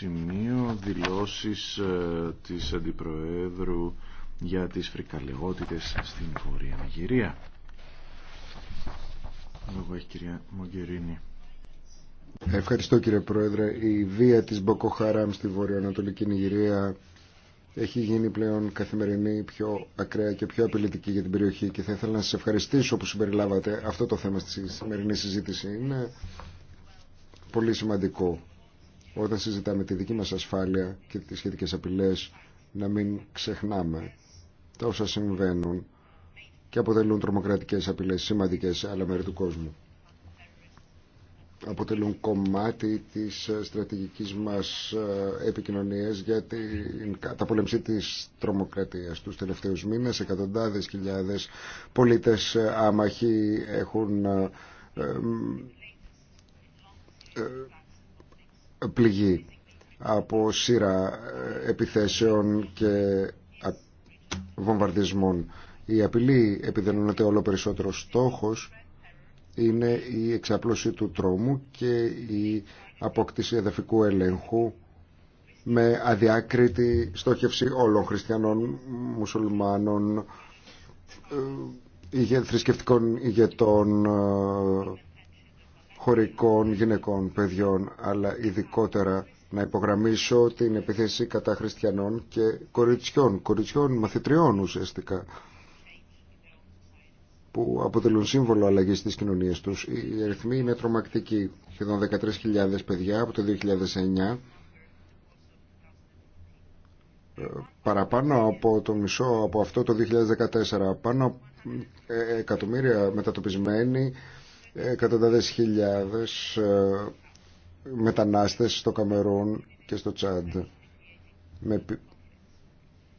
σημείο δηλώσεις ε, της Αντιπροέδρου για τις φρικαλαιότητες στην Βόρεια Νιγηρία. κυρία Ευχαριστώ κύριε Πρόεδρε. Η βία της Μποκοχαράμ στη Βορειοανατολική Νιγηρία έχει γίνει πλέον καθημερινή, πιο ακραία και πιο απειλητική για την περιοχή και θα ήθελα να σας ευχαριστήσω που συμπεριλάβατε αυτό το θέμα στη σημερινή συζήτηση. Είναι πολύ σημαντικό όταν συζητάμε τη δική μας ασφάλεια και τις σχετικές απειλές να μην ξεχνάμε τα όσα συμβαίνουν και αποτελούν τρομοκρατικές απειλές σημαντικές σε άλλα μέρη του κόσμου. Αποτελούν κομμάτι της στρατηγικής μας ε, επικοινωνίας για την καταπολέμηση της τρομοκρατίας. Τους τελευταίους μήνες εκατοντάδες χιλιάδες πολίτες ε, άμαχοι έχουν ε, από σειρά ε, επιθέσεων και βομβαρδισμών. Η απειλή επιδενώνεται όλο περισσότερο στόχος είναι η εξάπλωση του τρόμου και η απόκτηση εδαφικού ελέγχου με αδιάκριτη στόχευση όλων χριστιανών, μουσουλμάνων, ε, θρησκευτικών ηγετών, ε, χωρικών γυναικών, παιδιών, αλλά ειδικότερα να υπογραμμίσω την επιθέση κατά χριστιανών και κοριτσιών, κοριτσιών μαθητριών ουσιαστικά, που αποτελούν σύμβολο αλλαγή της κοινωνίας τους. Οι αριθμοί είναι τρομακτικοί. Σχεδόν 13.000 παιδιά από το 2009 παραπάνω από το μισό από αυτό το 2014 πάνω ε, εκατομμύρια μετατοπισμένοι εκατοντάδες χιλιάδες ε, μετανάστες στο Καμερούν και στο Τσάντ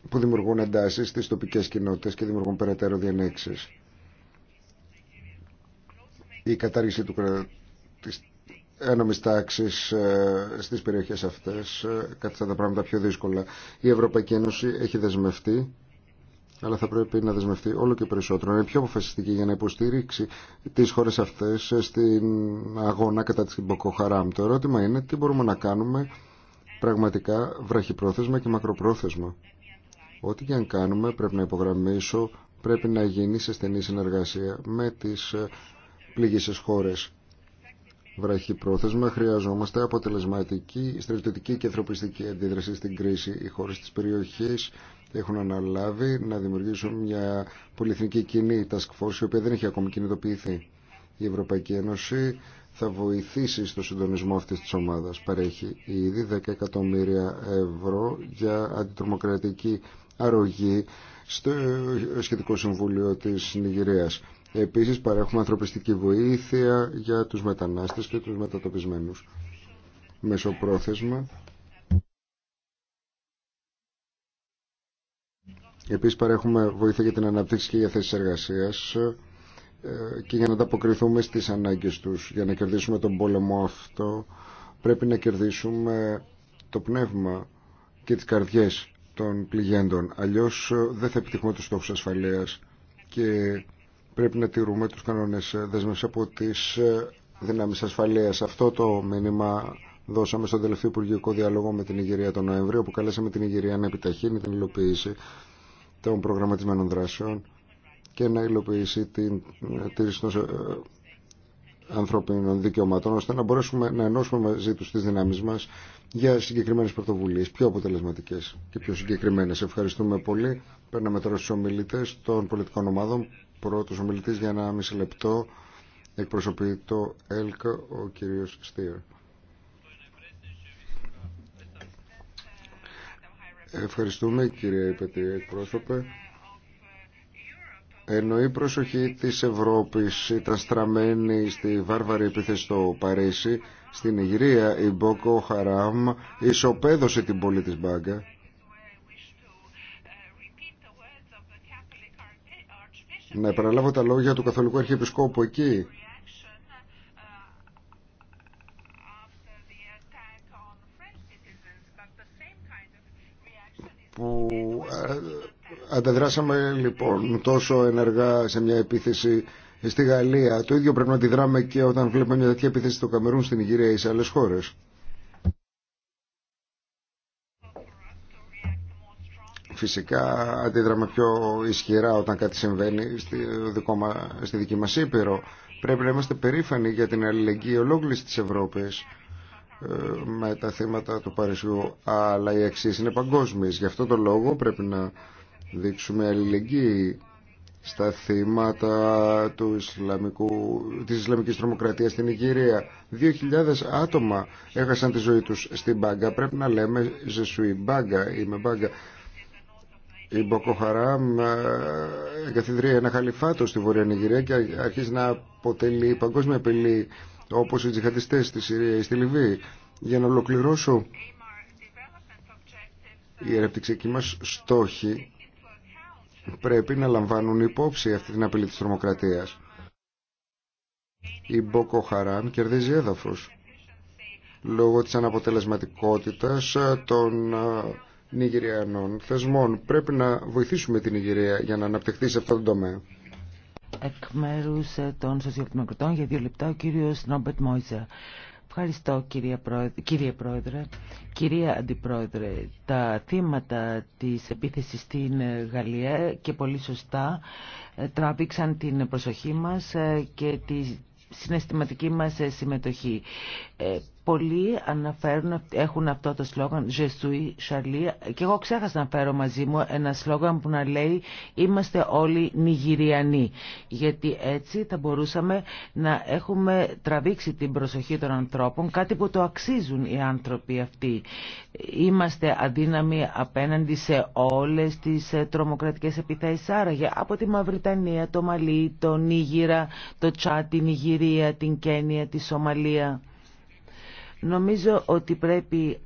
που δημιουργούν εντάσεις στις τοπικές κοινότητες και δημιουργούν περαιτέρω διενέξεις. Η κατάργηση του της ένομης τάξης ε, στις περιοχές αυτές ε, καθιστά τα πράγματα πιο δύσκολα. Η Ευρωπαϊκή Ένωση έχει δεσμευτεί αλλά θα πρέπει να δεσμευτεί όλο και περισσότερο. Είναι πιο αποφασιστική για να υποστηρίξει τι χώρε αυτέ στην αγώνα κατά τη Χαράμ. Το ερώτημα είναι τι μπορούμε να κάνουμε πραγματικά βραχυπρόθεσμα και μακροπρόθεσμα. Ό,τι και αν κάνουμε πρέπει να υπογραμμίσω πρέπει να γίνει σε στενή συνεργασία με τις πληγήσεις χώρες. Βραχυπρόθεσμα χρειαζόμαστε αποτελεσματική στρατιωτική και ανθρωπιστική αντίδραση στην κρίση. Οι χώρε τη περιοχή έχουν αναλάβει να δημιουργήσουν μια πολυεθνική κοινή task force η οποία δεν έχει ακόμη κινητοποιηθεί. Η Ευρωπαϊκή Ένωση θα βοηθήσει στο συντονισμό αυτής της ομάδας. Παρέχει ήδη 10 εκατομμύρια ευρώ για αντιτρομοκρατική αρρωγή στο σχετικό συμβούλιο της Νιγηρίας. Επίσης παρέχουμε ανθρωπιστική βοήθεια για τους μετανάστες και τους μετατοπισμένους. Μεσοπρόθεσμα Επίσης παρέχουμε βοήθεια για την αναπτύξη και για θέσεις εργασίας ε, και για να ανταποκριθούμε στις ανάγκες τους. Για να κερδίσουμε τον πόλεμο αυτό πρέπει να κερδίσουμε το πνεύμα και τις καρδιές των πληγέντων. Αλλιώς ε, δεν θα επιτυχούμε τους στόχους ασφαλείας και πρέπει να τηρούμε τους κανόνες ε, δέσμευση από τις δυνάμεις ασφαλείας. Αυτό το μήνυμα δώσαμε στον τελευταίο Υπουργικό Διάλογο με την Ιγυρία τον Νοέμβριο, που καλέσαμε την Ιγυρία να επιταχύνει την υλοποίηση των προγραμματισμένων δράσεων και να υλοποιήσει την ε, τήρηση των ε, ανθρωπίνων δικαιωμάτων ώστε να μπορέσουμε να ενώσουμε μαζί τους τις δυνάμεις μας για συγκεκριμένες πρωτοβουλίες πιο αποτελεσματικές και πιο συγκεκριμένες. Ευχαριστούμε πολύ. Παίρναμε τώρα στους ομιλητές των πολιτικών ομάδων. Πρώτος ομιλητής για ένα μισή λεπτό εκπροσωπεί το ΕΛΚ ο κύριος Στίερ. Ευχαριστούμε κύριε Υπετή εκπρόσωπε. Ενώ η προσοχή της Ευρώπης ήταν στραμμένη στη βάρβαρη επίθεση στο Παρίσι, στην Ιγυρία η Μπόκο Χαράμ ισοπαίδωσε την πόλη της Μπάγκα. Να επαναλάβω τα λόγια του Καθολικού Αρχιεπισκόπου εκεί Ανταδράσαμε λοιπόν τόσο ενεργά σε μια επίθεση στη Γαλλία. Το ίδιο πρέπει να αντιδράμε και όταν βλέπουμε μια τέτοια επίθεση στο Καμερούν, στην Ιγυρία ή σε άλλες χώρες. Φυσικά αντίδραμε πιο ισχυρά όταν κάτι συμβαίνει στη, δικό στη δική μας Ήπειρο. Πρέπει να είμαστε περήφανοι για την αλληλεγγύη ολόκληρης της Ευρώπης ε, με τα θέματα του Παρισιού αλλά οι αξίες είναι παγκόσμιες. Γι' αυτό το λόγο πρέπει να δείξουμε αλληλεγγύη στα θύματα του Ισλαμικού, της Ισλαμικής τρομοκρατίας στην Ιγυρία. 2.000 άτομα έχασαν τη ζωή τους στην Μπάγκα. Πρέπει να λέμε «Ζεσουή Μπάγκα» ή «Με Μπάγκα». Η Μποκοχαράμ ε, εγκαθιδρύει ένα χαλιφάτο στη Βορεια Νιγηρία και αρχίζει να αποτελεί παγκόσμια απειλή όπως οι τζιχαντιστές στη Συρία ή στη Λιβύη. Για να ολοκληρώσω, Η ερευνητική μας στόχη πρέπει να λαμβάνουν υπόψη αυτή την απειλή της τρομοκρατίας. Η Μπόκο Χαράν κερδίζει έδαφος λόγω της αναποτελεσματικότητας των Νιγηριανών θεσμών. Πρέπει να βοηθήσουμε την Νιγηρία για να αναπτυχθεί σε αυτόν τον τομέα. Εκ μέρους ε, των Σοσιαλδημοκρατών για δύο λεπτά ο κύριος Νόμπετ Μόιζερ. Ευχαριστώ κυρία Πρόεδρε, κύριε Πρόεδρε. Κυρία Αντιπρόεδρε, τα θύματα της επίθεσης στην Γαλλία και πολύ σωστά ε, τράβηξαν την προσοχή μας ε, και τη συναισθηματική μας ε, συμμετοχή. Πολλοί αναφέρουν, έχουν αυτό το σλόγαν «Je suis και εγώ ξέχασα να φέρω μαζί μου ένα σλόγαν που να λέει «Είμαστε όλοι Νιγηριανοί» γιατί έτσι θα μπορούσαμε να έχουμε τραβήξει την προσοχή των ανθρώπων κάτι που το αξίζουν οι άνθρωποι αυτοί. Είμαστε αδύναμοι απέναντι σε όλες τις ε, τρομοκρατικές επιθέσεις άραγε από τη Μαυριτανία, το Μαλή, το Νίγηρα, το Τσάτι, την Νιγηρία, την Κένια, τη Σομαλία. Νομίζω ότι πρέπει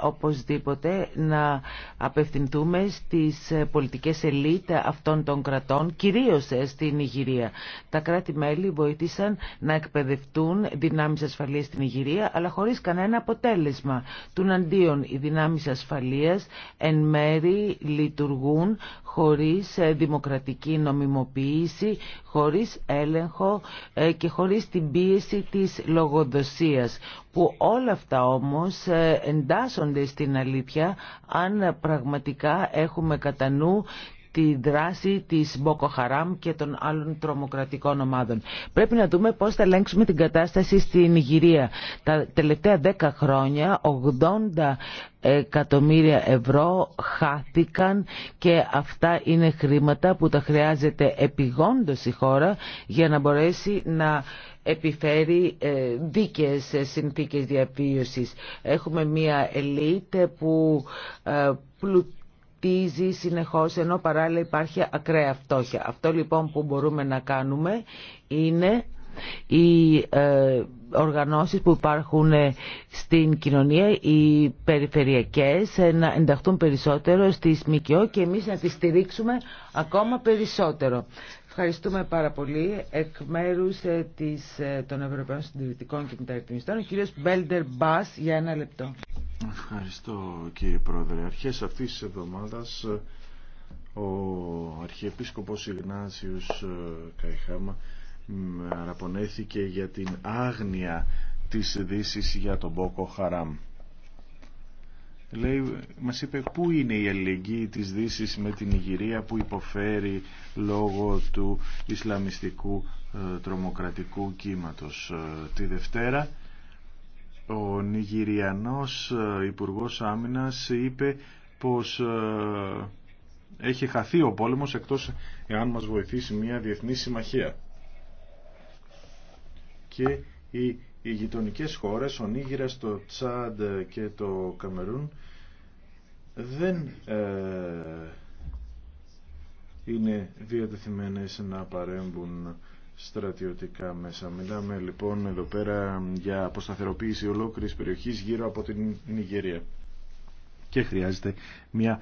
οπωσδήποτε να απευθυνθούμε στις ε, πολιτικές ελίτ αυτών των κρατών, κυρίως ε, στην Ιγυρία. Τα κράτη-μέλη βοήθησαν να εκπαιδευτούν δυνάμεις ασφαλείας στην Ιγυρία, αλλά χωρίς κανένα αποτέλεσμα. Τουναντίον, οι δυνάμεις ασφαλείας εν μέρη λειτουργούν χωρίς ε, δημοκρατική νομιμοποίηση, χωρίς έλεγχο ε, και χωρίς την πίεση της λογοδοσίας που όλα αυτά όμως ε, εντάσσονται στην αλήθεια αν πραγματικά έχουμε κατά νου τη δράση της Μποκοχαράμ και των άλλων τρομοκρατικών ομάδων. Πρέπει να δούμε πώς θα ελέγξουμε την κατάσταση στην Ιγυρία. Τα τελευταία δέκα χρόνια 80 εκατομμύρια ευρώ χάθηκαν και αυτά είναι χρήματα που τα χρειάζεται επιγόντως η χώρα για να μπορέσει να επιφέρει ε, δίκαιες συνθήκες διαβίωσης. Έχουμε μία ελίτ που ε, πλουτίζει πίζει συνεχώς ενώ παράλληλα υπάρχει ακραία φτώχεια. Αυτό λοιπόν που μπορούμε να κάνουμε είναι οι ε, οργανώσεις που υπάρχουν ε, στην κοινωνία, οι περιφερειακές, ε, να ενταχθούν περισσότερο στη ΜΚΟ και εμείς να τις στηρίξουμε ακόμα περισσότερο. Ευχαριστούμε πάρα πολύ εκ μέρου ε, των Ευρωπαίων Συντηρητικών και Μεταρρυθμιστών, ο κύριος Μπέλντερ Μπάς για ένα λεπτό. Ευχαριστώ κύριε Πρόεδρε. Αρχές αυτής της εβδομάδας ε, ο Αρχιεπίσκοπος Ιγνάσιος ε, Καϊχάμα αναπονέθηκε για την άγνοια της δύση για τον Μπόκο Χαράμ. Λέει, μας είπε πού είναι η αλληλεγγύη της δύση με την Ιγυρία που υποφέρει λόγω του Ισλαμιστικού ε, τρομοκρατικού κύματος. Τη Δευτέρα ο Νιγηριανός ε, Υπουργός Άμυνας είπε πως ε, έχει χαθεί ο πόλεμος εκτός εάν μας βοηθήσει μια διεθνή συμμαχία. Και οι, οι γειτονικέ χώρες, ο Νίγηρας, το Τσάντ και το Καμερούν δεν ε, είναι διατεθειμένες να παρέμβουν στρατιωτικά μέσα. Μιλάμε λοιπόν εδώ πέρα για αποσταθεροποίηση ολόκληρης περιοχής γύρω από την Νιγερία. Και χρειάζεται μια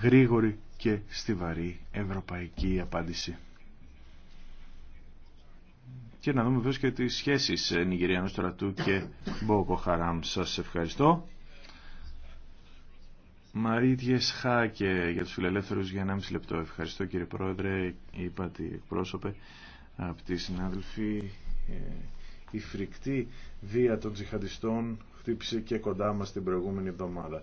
γρήγορη και στιβαρή ευρωπαϊκή απάντηση. Και να δούμε βέβαια και τις σχέσεις ε, Νιγηριανού στρατού και Μπόκο Χαράμ. Σας ευχαριστώ. Μαρίτιε Χάκε για τους φιλελεύθερους για 1,5 λεπτό. Ευχαριστώ κύριε Πρόεδρε, είπατε εκπρόσωπε. Αγαπητοί συνάδελφοι, ε, η φρικτή βία των τζιχαντιστών χτύπησε και κοντά μας την προηγούμενη εβδομάδα.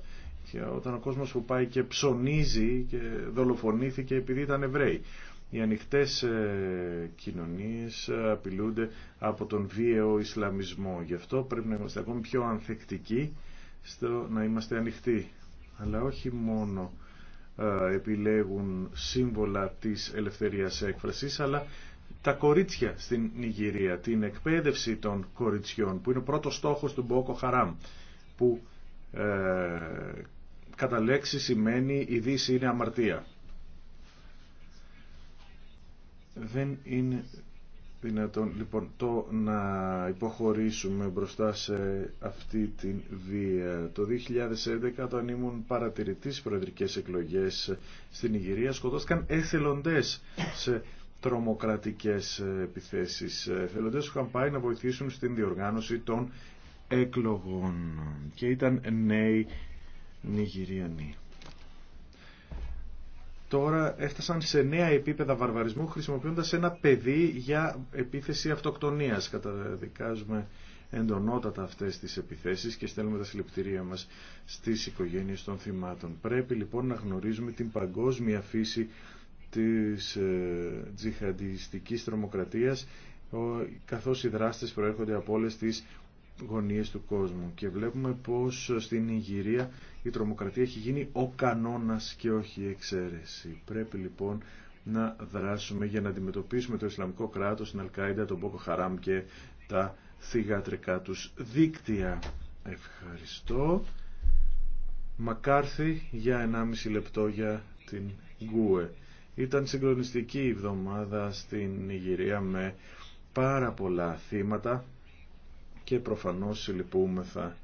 Και όταν ο κόσμος που πάει και ψωνίζει και δολοφονήθηκε επειδή ήταν Εβραίοι. Οι ανοιχτές ε, κοινωνίες ε, απειλούνται από τον βίαιο Ισλαμισμό. Γι' αυτό πρέπει να είμαστε ακόμη πιο ανθεκτικοί στο να είμαστε ανοιχτοί. Αλλά όχι μόνο επιλέγουν σύμβολα της ελευθερίας έκφρασης, αλλά τα κορίτσια στην Νιγηρία, την εκπαίδευση των κοριτσιών, που είναι ο πρώτος στόχος του Μπόκο Χαράμ, που ε, κατά λέξη σημαίνει «η Δύση είναι αμαρτία». Δεν είναι δυνατόν λοιπόν το να υποχωρήσουμε μπροστά σε αυτή την βία. Το 2011 όταν ήμουν παρατηρητής προεδρικές εκλογές στην Ιγυρία σκοτώθηκαν εθελοντές σε τρομοκρατικές ε, επιθέσεις. Ε, Θελοντές που είχαν πάει να βοηθήσουν στην διοργάνωση των εκλογών και ήταν νέοι Νιγηριανοί. Τώρα έφτασαν σε νέα επίπεδα βαρβαρισμού χρησιμοποιώντας ένα παιδί για επίθεση αυτοκτονίας. Καταδικάζουμε εντονότατα αυτές τις επιθέσεις και στέλνουμε τα συλληπιτήριά μας στις οικογένειες των θυμάτων. Πρέπει λοιπόν να γνωρίζουμε την παγκόσμια φύση της ε, τζιχαντιστικής τρομοκρατίας καθώς οι δράστες προέρχονται από όλες τις γωνίες του κόσμου και βλέπουμε πως στην Ιγυρία η τρομοκρατία έχει γίνει ο κανόνας και όχι η εξαίρεση. Πρέπει λοιπόν να δράσουμε για να αντιμετωπίσουμε το Ισλαμικό κράτος, την Αλκάιντα, τον Μπόκο Χαράμ και τα θυγατρικά τους δίκτυα. Ευχαριστώ. Μακάρθη για 1,5 λεπτό για την Γκουε. Ήταν συγκλονιστική η εβδομάδα στην Νιγηρία με πάρα πολλά θύματα και προφανώς λυπούμεθα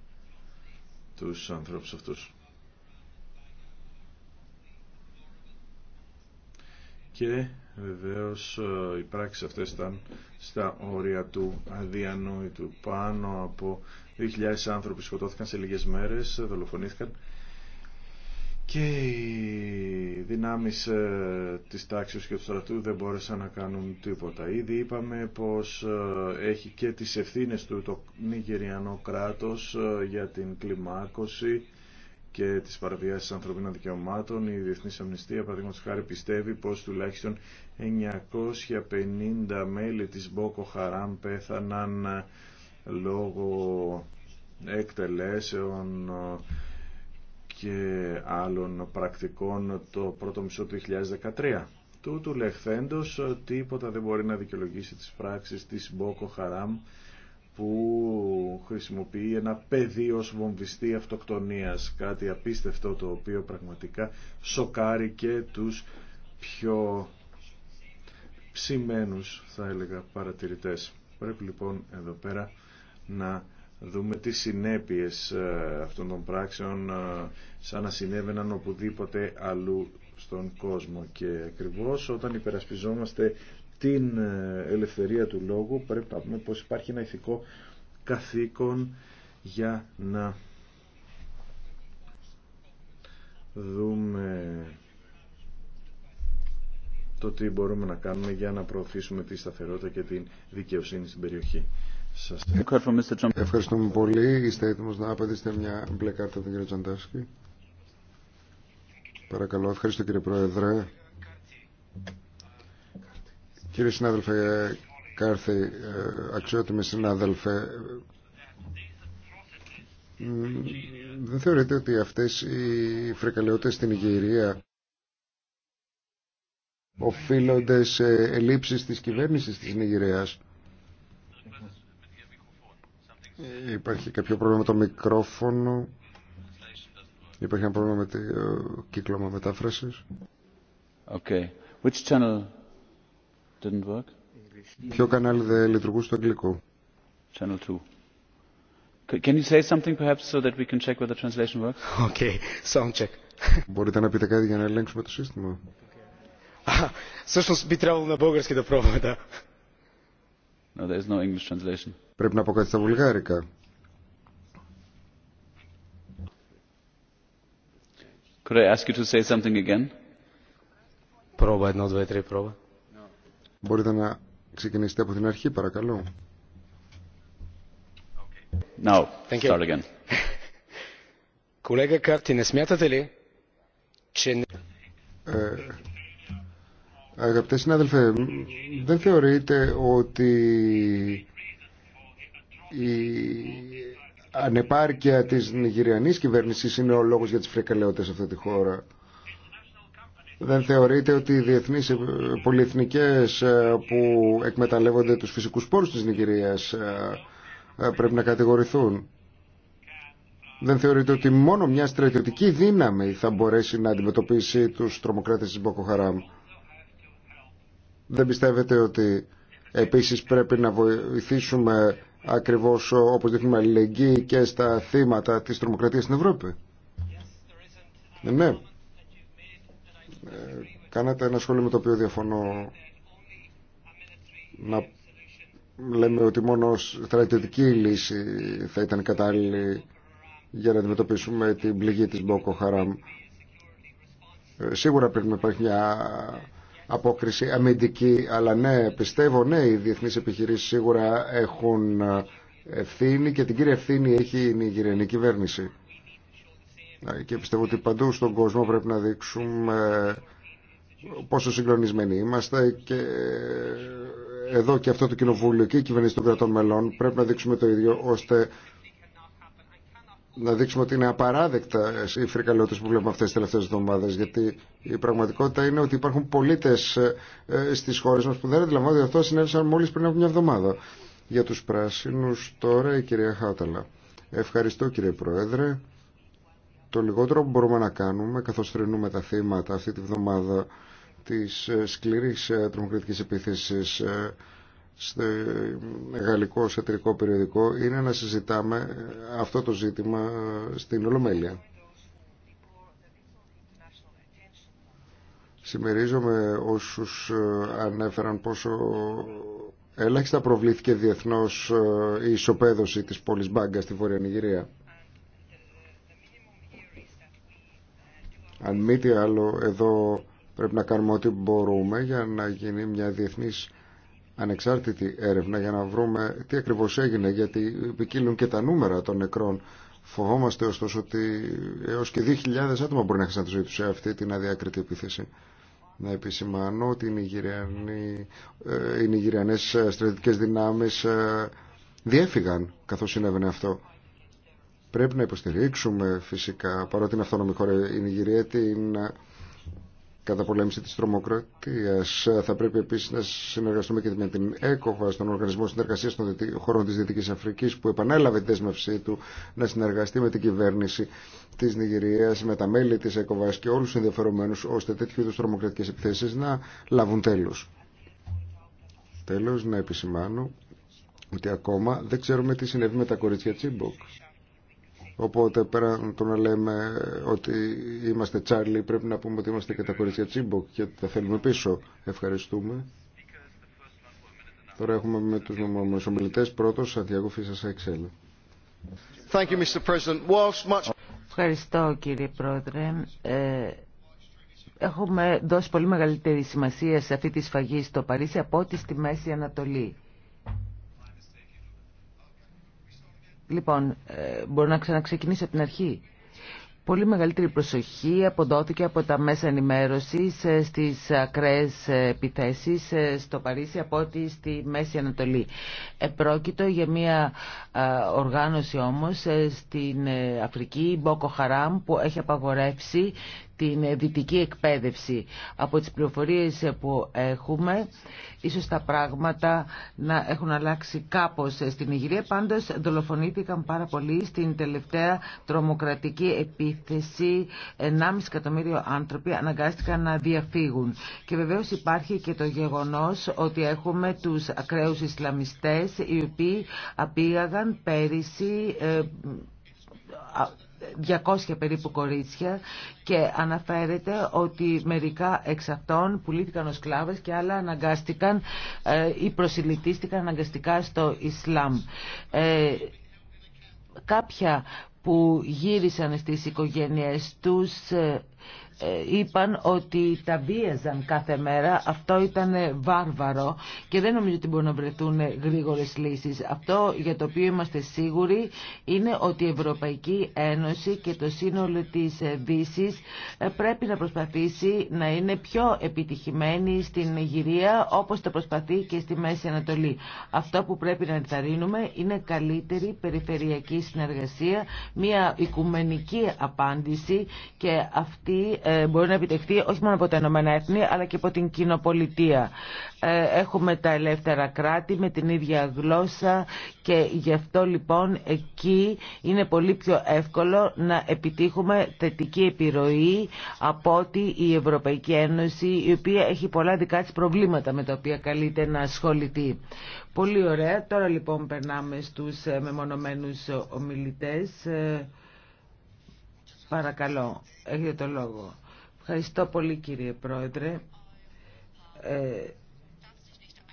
τους ανθρώπους αυτούς. Και βεβαίως ε, οι πράξεις αυτές ήταν στα όρια του αδιανόητου. Πάνω από 2.000 άνθρωποι σκοτώθηκαν σε λίγες μέρες, δολοφονήθηκαν και οι δυνάμεις ε, της τάξης και του στρατού δεν μπόρεσαν να κάνουν τίποτα. Ήδη είπαμε πως ε, έχει και τις ευθύνες του το Νιγηριανό κράτος ε, για την κλιμάκωση και τις παραβιάσεις ανθρωπίνων δικαιωμάτων. Η Διεθνής Αμνηστία, παραδείγματος χάρη, πιστεύει πως τουλάχιστον 950 μέλη της Μπόκο Χαράμ πέθαναν λόγω εκτελέσεων και άλλων πρακτικών το πρώτο μισό του 2013. Τούτου λεχθέντος τίποτα δεν μπορεί να δικαιολογήσει τις πράξεις της Μπόκο Χαράμ που χρησιμοποιεί ένα πεδίο ως βομβιστή αυτοκτονίας, κάτι απίστευτο το οποίο πραγματικά σοκάρει και τους πιο ψημένους θα έλεγα παρατηρητές. Πρέπει λοιπόν εδώ πέρα να δούμε τις συνέπειες ε, αυτών των πράξεων ε, σαν να συνέβαιναν οπουδήποτε αλλού στον κόσμο. Και ακριβώς όταν υπερασπιζόμαστε την ε, ελευθερία του λόγου πρέπει να πούμε πως υπάρχει ένα ηθικό καθήκον για να δούμε το τι μπορούμε να κάνουμε για να προωθήσουμε τη σταθερότητα και την δικαιοσύνη στην περιοχή. Ευχαριστούμε πολύ. Είστε έτοιμος να απαντήσετε μια μπλε κάρτα από τον κύριο Τζαντάσκη. Παρακαλώ. Ευχαριστώ κύριε Πρόεδρε. Κύριε συνάδελφε Κάρθη, ε, αξιότιμοι συνάδελφε, δεν θεωρείτε ότι αυτές οι φρικαλαιότητες στην Ιγυρία οφείλονται σε ελλείψεις της κυβέρνησης της Ιγυρίας Υπάρχει κάποιο πρόβλημα με το μικρόφωνο. Υπάρχει ένα πρόβλημα με το ε, κύκλωμα μετάφρασης. Okay. Which channel didn't work? Ποιο κανάλι δεν λειτουργούσε στο αγγλικό. Channel 2. Can you say something perhaps so that we can check whether the translation works? Okay, sound check. Μπορείτε να πείτε κάτι για να ελέγξουμε το σύστημα. Σωστός, μη τρέβομαι να μπόγερσκε το πρόβλημα. No, there is no English translation. Πρέπει να πω κάτι στα βουλγάρικα. Could I ask you to say something again? Πρόβα, ενώ δύο, τρία, πρόβα. Μπορείτε να ξεκινήσετε από την αρχή, παρακαλώ. Now, Thank start again. Колега Карти, не смятате ли, че... αγαπητέ συνάδελφε, δεν θεωρείτε ότι η ανεπάρκεια της νιγηριανής κυβέρνησης είναι ο λόγος για τις φρικαλαιότητες σε αυτή τη χώρα. Δεν θεωρείτε ότι οι διεθνείς πολυεθνικές ε, που εκμεταλλεύονται τους φυσικούς πόρους της Νιγηρίας ε, ε, πρέπει να κατηγορηθούν. Δεν θεωρείτε ότι μόνο μια στρατιωτική δύναμη θα μπορέσει να αντιμετωπίσει τους τρομοκράτες της Μποκοχαράμ. Δεν πιστεύετε ότι επίσης πρέπει να βοηθήσουμε ακριβώς όπως δείχνουμε αλληλεγγύη και στα θύματα της τρομοκρατίας στην Ευρώπη. Ε, ναι. Ε, κάνατε ένα σχόλιο με το οποίο διαφωνώ να λέμε ότι μόνο στρατιωτική λύση θα ήταν κατάλληλη για να αντιμετωπίσουμε την πληγή της Μπόκο Χαράμ. Ε, σίγουρα πρέπει να υπάρχει μια απόκριση αμυντική, αλλά ναι, πιστεύω, ναι, οι διεθνείς επιχειρήσεις σίγουρα έχουν ε, ευθύνη και την κύρια ευθύνη έχει η Νιγηρενή κυβέρνηση. Ε, και πιστεύω ότι παντού στον κόσμο πρέπει να δείξουμε ε, πόσο συγκλονισμένοι είμαστε και εδώ και αυτό το κοινοβούλιο και η κυβέρνηση των κρατών μελών πρέπει να δείξουμε το ίδιο ώστε να δείξουμε ότι είναι απαράδεκτα οι φρικαλότητες που βλέπουμε αυτές τις τελευταίες εβδομάδες γιατί η πραγματικότητα είναι ότι υπάρχουν πολίτες ε, ε, στις χώρες μας που δεν αντιλαμβάνονται ότι αυτό συνέβησαν μόλις πριν από μια εβδομάδα. Για τους πράσινους τώρα η κυρία Χάταλα. Ευχαριστώ κύριε Πρόεδρε. Το λιγότερο που μπορούμε να κάνουμε καθώς θρυνούμε τα θύματα αυτή τη βδομάδα της ε, σκληρής τρομοκρατικής επίθεσης στο γαλλικό τρικό περιοδικό είναι να συζητάμε αυτό το ζήτημα στην Ολομέλεια. Συμμερίζομαι όσους ε, ανέφεραν πόσο ελάχιστα προβλήθηκε διεθνώς ε, η ισοπαίδωση της πόλης Μπάγκα στη Βόρεια Νιγηρία. Αν μη τι άλλο, εδώ πρέπει να κάνουμε ό,τι μπορούμε για να γίνει μια διεθνής ανεξάρτητη έρευνα για να βρούμε τι ακριβώς έγινε γιατί επικύλουν και τα νούμερα των νεκρών. Φοβόμαστε ωστόσο ότι έως και 2.000 άτομα μπορεί να έχασαν τη ζωή τους σε αυτή την αδιάκριτη επίθεση. Να επισημανώ ότι οι ε, Νιγηριανές ε, στρατιωτικές δυνάμεις ε, διέφυγαν καθώς συνέβαινε αυτό. Πρέπει να υποστηρίξουμε φυσικά, παρότι είναι αυτόνομη χώρα η Νιγηρία, την καταπολέμηση της τρομοκρατίας. Θα πρέπει επίσης να συνεργαστούμε και με την ΕΚΟΒΑ στον Οργανισμό Συνεργασίας των Χωρών της Δυτικής Αφρικής που επανέλαβε τη δέσμευσή του να συνεργαστεί με την κυβέρνηση της Νιγηρίας, με τα μέλη της ΕΚΟΒΑ και όλους τους ενδιαφερομένους ώστε τέτοιου είδους τρομοκρατικές επιθέσεις να λάβουν τέλος. Τέλος να επισημάνω ότι ακόμα δεν ξέρουμε τι συνέβη με τα κορίτσια Τσίμποκ Οπότε πέραν το να λέμε ότι είμαστε Τσάρλι πρέπει να πούμε ότι είμαστε και τα κορίτσια Τσίμποκ και τα θέλουμε πίσω. Ευχαριστούμε. Τώρα έχουμε με τους νομιμονούς ομιλητές πρώτος Σαντιάγο Φίσας Εξέλα. Ευχαριστώ κύριε Πρόεδρε. Ε, έχουμε δώσει πολύ μεγαλύτερη σημασία σε αυτή τη σφαγή στο Παρίσι από ό,τι στη Μέση Ανατολή. Λοιπόν, ε, μπορώ να ξαναξεκινήσω από την αρχή. Πολύ μεγαλύτερη προσοχή αποδόθηκε από τα μέσα ενημέρωσης ε, στις ακραίες ε, επιθέσεις στο Παρίσι από ό,τι στη Μέση Ανατολή. Επρόκειτο για μια οργάνωση όμως στην Αφρική, Μπόκο Χαράμ, που έχει απαγορεύσει την δυτική εκπαίδευση. Από τις πληροφορίες που έχουμε, ίσως τα πράγματα να έχουν αλλάξει κάπως στην Ιγυρία. Πάντως, δολοφονήθηκαν πάρα πολύ στην τελευταία τρομοκρατική επίθεση. 1,5 εκατομμύριο άνθρωποι αναγκάστηκαν να διαφύγουν. Και βεβαίως υπάρχει και το γεγονός ότι έχουμε τους ακραίους Ισλαμιστές, οι οποίοι απήγαγαν πέρυσι... Ε, 200 περίπου κορίτσια και αναφέρεται ότι μερικά εξ αυτών πουλήθηκαν ως σκλάβες και άλλα αναγκάστηκαν ε, ή προσιλητίστηκαν αναγκαστικά στο Ισλάμ. Ε, κάποια που γύρισαν στις οικογένειές τους ε, ε, είπαν ότι τα βίαζαν κάθε μέρα. Αυτό ήταν βάρβαρο και δεν νομίζω ότι μπορούν να βρεθούν γρήγορες λύσεις. Αυτό για το οποίο είμαστε σίγουροι είναι ότι η Ευρωπαϊκή Ένωση και το σύνολο της δύση ε, πρέπει να προσπαθήσει να είναι πιο επιτυχημένη στην Αιγυρία όπως το προσπαθεί και στη Μέση Ανατολή. Αυτό που πρέπει να ενθαρρύνουμε είναι καλύτερη περιφερειακή συνεργασία, μια οικουμενική απάντηση και αυτή αυτή ε, μπορεί να επιτευχθεί όχι μόνο από τα Ηνωμένα Έθνη αλλά και από την κοινοπολιτεία. Ε, έχουμε τα ελεύθερα κράτη με την ίδια γλώσσα και γι' αυτό λοιπόν εκεί είναι πολύ πιο εύκολο να επιτύχουμε θετική επιρροή από ότι η Ευρωπαϊκή Ένωση η οποία έχει πολλά δικά της προβλήματα με τα οποία καλείται να ασχοληθεί. Πολύ ωραία. Τώρα λοιπόν περνάμε στους ε, μεμονωμένους ομιλητές. Παρακαλώ, έχετε το λόγο. Ευχαριστώ πολύ κύριε Πρόεδρε. Ε,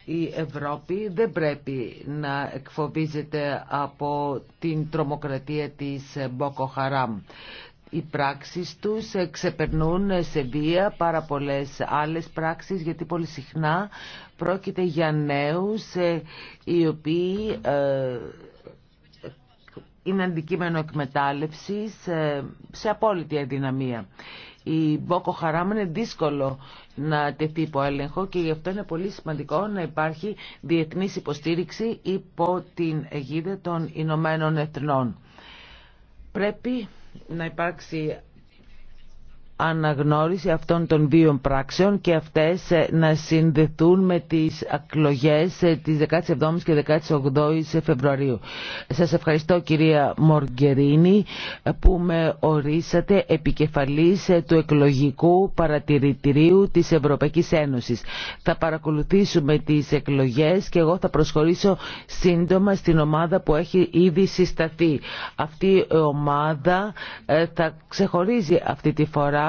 η Ευρώπη δεν πρέπει να εκφοβίζεται από την τρομοκρατία της Μπόκο Χαράμ. Οι πράξεις τους ξεπερνούν σε βία πάρα πολλές άλλες πράξεις γιατί πολύ συχνά πρόκειται για νέους ε, οι οποίοι ε, είναι αντικείμενο εκμετάλλευσης ε, σε απόλυτη αδυναμία. Η Μπόκο Χαράμ είναι δύσκολο να τεθεί υπό έλεγχο και γι' αυτό είναι πολύ σημαντικό να υπάρχει διεθνής υποστήριξη υπό την αιγίδα των Ηνωμένων Εθνών. Πρέπει να υπάρξει αναγνώριση αυτών των δύο πράξεων και αυτές ε, να συνδεθούν με τις εκλογές ε, της 17ης και 18ης Φεβρουαρίου. Σας ευχαριστώ κυρία Μοργκερίνη ε, που με ορίσατε επικεφαλής του εκλογικού παρατηρητηρίου της Ευρωπαϊκής Ένωσης. Θα παρακολουθήσουμε τις εκλογές και εγώ θα προσχωρήσω σύντομα στην ομάδα που έχει ήδη συσταθεί. Αυτή η ομάδα θα ξεχωρίζει αυτή τη φορά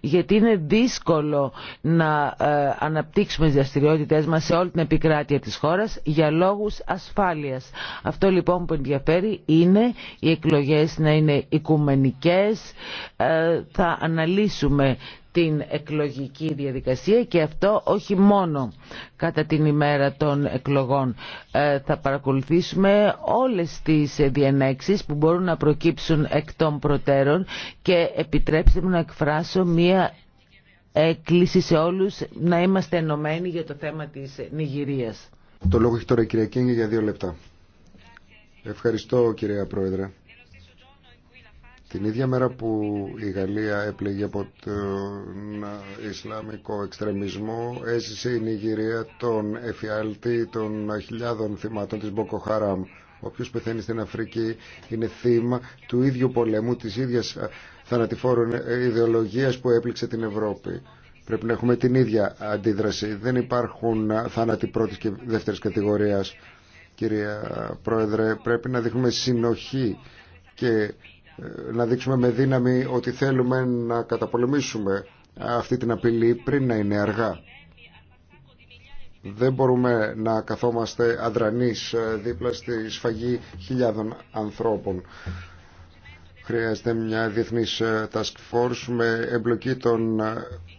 γιατί είναι δύσκολο να ε, αναπτύξουμε τις δραστηριότητε μας σε όλη την επικράτεια της χώρας για λόγους ασφάλειας. Αυτό λοιπόν που ενδιαφέρει είναι οι εκλογές να είναι οικουμενικές. Ε, θα αναλύσουμε την εκλογική διαδικασία και αυτό όχι μόνο κατά την ημέρα των εκλογών. Ε, θα παρακολουθήσουμε όλες τις διενέξεις που μπορούν να προκύψουν εκ των προτέρων και επιτρέψτε μου να εκφράσω μία έκκληση σε όλους να είμαστε ενωμένοι για το θέμα της Νιγηρίας. Το λόγο έχει τώρα η κυρία Κίνγκη για δύο λεπτά. Ευχαριστώ κυρία Πρόεδρε. Την ίδια μέρα που η Γαλλία έπλεγε από τον Ισλαμικό εξτρεμισμό έζησε η Νιγηρία τον εφιάλτη των χιλιάδων θυμάτων της Μποκοχαράμ. οποίο πεθαίνει στην Αφρική είναι θύμα του ίδιου πολέμου, της ίδιας θανατηφόρων ιδεολογίας που έπληξε την Ευρώπη. Πρέπει να έχουμε την ίδια αντίδραση. Δεν υπάρχουν θάνατοι πρώτης και δεύτερης κατηγορίας. Κυρία Πρόεδρε, πρέπει να δείχνουμε συνοχή και ε, να δείξουμε με δύναμη ότι θέλουμε να καταπολεμήσουμε αυτή την απειλή πριν να είναι αργά. Δεν μπορούμε να καθόμαστε αδρανείς ε, δίπλα στη σφαγή χιλιάδων ανθρώπων. Χρειάζεται μια διεθνής ε, task force με εμπλοκή των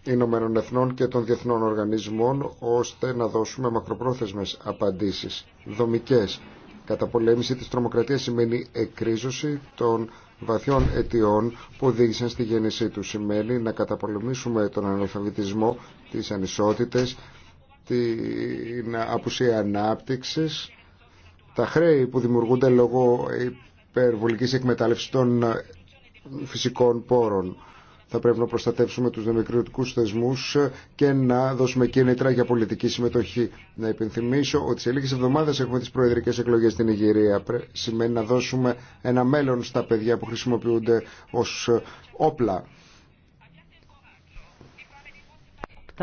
Ηνωμένων Εθνών και των διεθνών οργανισμών ώστε να δώσουμε μακροπρόθεσμες απαντήσεις, δομικές. Καταπολέμηση της τρομοκρατίας σημαίνει εκρίζωση των βαθιών αιτιών που οδήγησαν στη γέννησή του. Σημαίνει να καταπολεμήσουμε τον αναλφαβητισμό, τις ανισότητες, την απουσία ανάπτυξης, τα χρέη που δημιουργούνται λόγω υπερβολικής εκμετάλλευση των φυσικών πόρων. Θα πρέπει να προστατεύσουμε τους δημοκρατικούς θεσμούς και να δώσουμε κίνητρα για πολιτική συμμετοχή. Να υπενθυμίσω ότι σε λίγες εβδομάδες έχουμε τις προεδρικές εκλογές στην Ιγυρία. Σημαίνει να δώσουμε ένα μέλλον στα παιδιά που χρησιμοποιούνται ως όπλα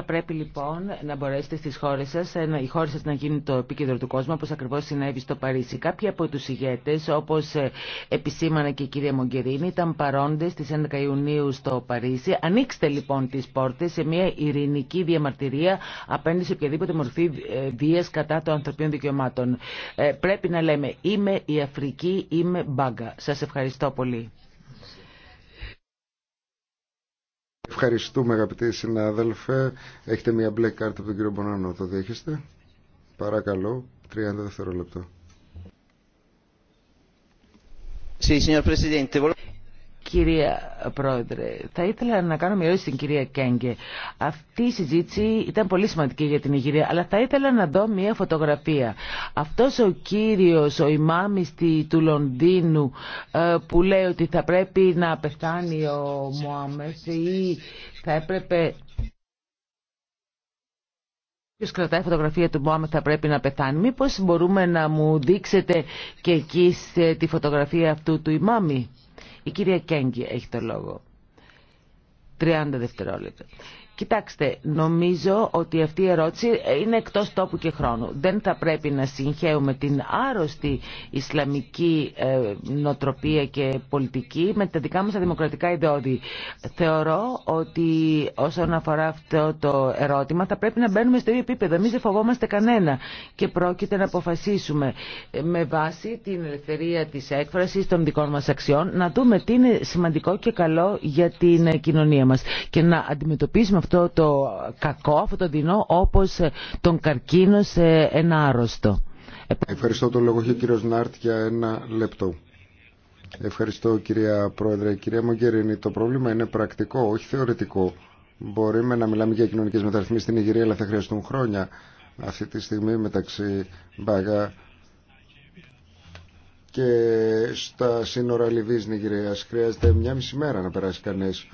Θα πρέπει λοιπόν να μπορέσετε στις χώρες σας, οι χώρες σας να γίνει το επίκεντρο του κόσμου, όπως ακριβώς συνέβη στο Παρίσι. Κάποιοι από τους ηγέτες, όπως ε, επισήμανε και η κυρία Μογκερίνη, ήταν παρόντες στις 11 Ιουνίου στο Παρίσι. Ανοίξτε λοιπόν τις πόρτες σε μια ειρηνική διαμαρτυρία απέναντι σε οποιαδήποτε μορφή ε, βίας κατά των ανθρωπίνων δικαιωμάτων. Ε, πρέπει να λέμε είμαι η Αφρική, είμαι μπάγκα. Σας ευχαριστώ πολύ. Ευχαριστούμε αγαπητοί συνάδελφε. Έχετε μια μπλε κάρτα από τον κύριο Μπονάνο. Το δέχεστε. Παρακαλώ. 30 δευτερόλεπτα. Κυρία Πρόεδρε, θα ήθελα να κάνω μια ερώτηση στην κυρία Κέγκε. Αυτή η συζήτηση ήταν πολύ σημαντική για την Ιγυρία, αλλά θα ήθελα να δω μια φωτογραφία. Αυτός ο κύριος, ο ημάμιστη του Λονδίνου, ε, που λέει ότι θα πρέπει να πεθάνει ο Μωάμες ή θα έπρεπε... Ποιο κρατάει φωτογραφία του Μωάμεθ θα πρέπει να πεθάνει. Μήπως μπορούμε να μου δείξετε και εκεί τη φωτογραφία αυτού του ημάμι. Η κυρία Κέγκη έχει το λόγο. 30 δευτερόλεπτα. Κοιτάξτε, νομίζω ότι αυτή η ερώτηση είναι εκτός τόπου και χρόνου. Δεν θα πρέπει να συγχαίουμε την άρρωστη ισλαμική ε, νοτροπία και πολιτική με τα δικά μας τα δημοκρατικά ιδεώδη. Θεωρώ ότι όσον αφορά αυτό το ερώτημα θα πρέπει να μπαίνουμε στο ίδιο επίπεδο. Εμείς δεν φοβόμαστε κανένα και πρόκειται να αποφασίσουμε με βάση την ελευθερία της έκφρασης των δικών μας αξιών να δούμε τι είναι σημαντικό και καλό για την κοινωνία μας και να αντιμετωπίσουμε αυτό το κακό, αυτό το δεινό, όπως ε, τον καρκίνο σε ένα άρρωστο. Ευχαριστώ το λόγο, κύριος Νάρτ, για ένα λεπτό. Ευχαριστώ κυρία Πρόεδρε. Κυρία Μογκερίνη, το πρόβλημα είναι πρακτικό, όχι θεωρητικό. Μπορούμε να μιλάμε για κοινωνικές μεταρρυθμίσεις στην Ιγυρία, αλλά θα χρειαστούν χρόνια. Αυτή τη στιγμή μεταξύ Μπάγα και στα σύνορα Λιβύης Νιγηρίας χρειάζεται μια μισή μέρα να περάσει κανείς